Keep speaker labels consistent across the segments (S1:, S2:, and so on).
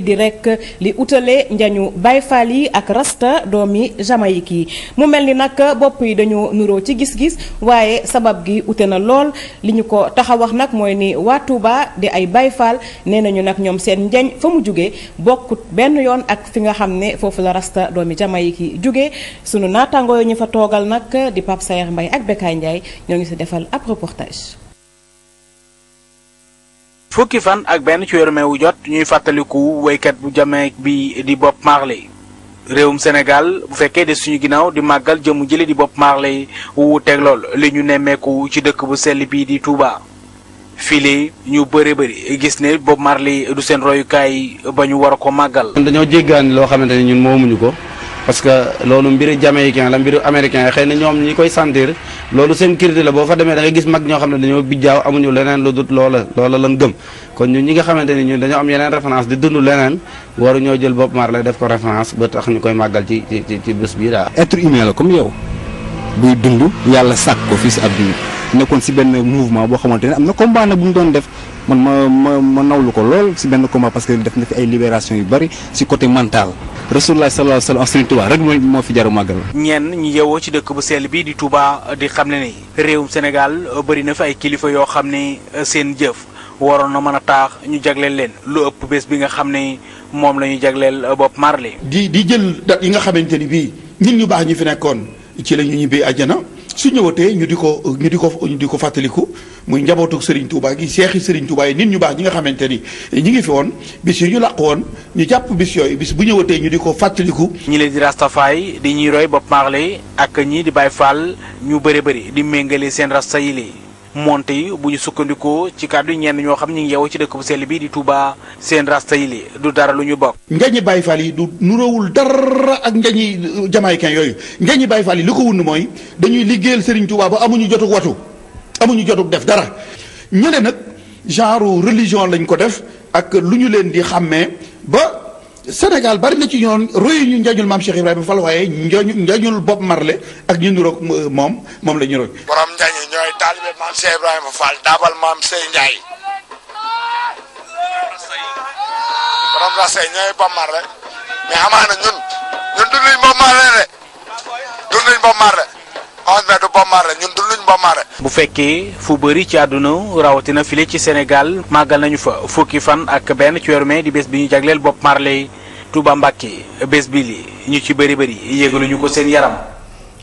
S1: di rek li utale njañu bayfaal yi ak rasta doomi jamaïque yi mu mel ni nag bopp yi dañoo nuroo ci gis-gis waaye sabab gi ute na lool li ñu ko tax wax nag mooy ni waa Touba di ay bayfaal nee nañu nag ñoom seen njañ fa mu jugee bokkut benn yoon ak fi nga xam ne foofu la rasta doomi jamaïque yi jóge sunu naataangoo ñu fa toogal nag di Pape Sayer Mbaye ak Bekaay Ndiaye ñoo ngi si defal ab reportage
S2: fukki fan ak benn ci weeru wu jot ñuy fàttaliku waykat bu jamee bi di bopp Marley réewum Sénégal bu fekkee des suñu ginnaaw di màggal jëmu jële di bopp Marley wuuteeg lool li ñu nemmeeku ci dëkk bu sell bii di Touba. file ñu bëri bëri gis ne Bob Marley du seen royukaay ba
S3: ñu war ko màggal. dañoo jéggaani loo xamante ne ñun moomuñu ko. parce que loolu mbiru jamaïcain la mbiru américain xëy na ñoom ñi koy sentir loolu seen critique la boo fa demee da ngay gis mag ñoo xam ne dañoo bijjaaw amuñu leneen lu dut loola lan gëm kon ñu ñi nga xamante ni ñun dañoo am yeneen référence di dund leneen waru ñoo jël Bob Marley def ko référence ba tax ñu koy màggal ci ci ci bés bii daal.
S4: être humain
S2: la comme yow buy dund yàlla sàkk ko fii si àdduna nekkoon si benn mouvement boo xamante ne am na combat bu mu doon def. man ma ma ma nawlu ko lool ci benn combat parce que def na fi ay libération yu bari ci côté mental rasulullah sallallahu alayhi wa sallam Sëriñ Tuubaa rek mooy moo fi jaru màggal ñenn ñu yewoo ci dëkk bu sell bi di Touba di xam ne ni réewum Sénégal bëri na fi ay kilifa yoo xam ne euh, seen jëf waroon na mën a taax ñu jagleel leen lu ëpp bés bi nga xam ne
S4: moom la ñu jagleel euh, Bob Marley. di di jël dat yi nga xamante ni bii ñun ñu baax ñu fi nekkoon ci la ñu ñibbee su ñëwatee ñu di ko ñu di ko ñu di ko fàttaliku muy njabootu Serigne Touba gi seexi Serigne Touba nit ñu baax ñi nga xamante ni ñu ngi fi woon bis yi ñu làq woon ñu jàpp bis yooyu bis bu ñëwatee ñu di ko fàttaliku.
S2: ñi leen di rastafaay di ñuy roy Bob Marley ak ñii di Baye Fall ñu bëri bëri di méngale seen rasta monte yi bu ñu sukkandikoo ci kàddu ñenn ñoo xam ñu ngi yeewoo ci dëkk bu sell bi di Touba seen rasta yi li du dara
S4: lu ñu bokk. njañi Baye Fall yi du nuroowul dara ak njañi euh, jamaïcain yooyu njañi bay Fall yi li ko wund mooy dañuy liggéeyal Serigne Touba ba amuñu jotug watu amuñu jotug def dara ñële nag genre religion lañ ko def ak lu ñu leen di xàmmee ba. Sénégal bari na ci ñoon royu ñu njañul maam Cheikh Ibrahima Fall waaye njañu njañul Bob Marley ak ñu niroog euh, moom moom la ñu roog borom njañu ñooy taalibe maam Cheikh Ibrahima Fall daabal maam Sey Ndiaye borom rasey ñooy Bob Marley mais amaana ñun ñun dunduñ Bob Marley de dunduñ Bob Marley
S2: on du Bob Marley ñun Bambara. bu fekkee fu bëri ci àdduna rawatina file ci Sénégal màggal nañu fa fukki fan ak benn ci weeru mai di bés bi ñu jagleel Bob Marley Touba Mbàkke bés bi li ñu ci bëri bëri yégaluñu ko seen yaram.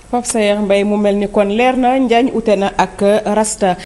S1: Pape mu mel ni kon leer na Njaañ ute na ak Rasta.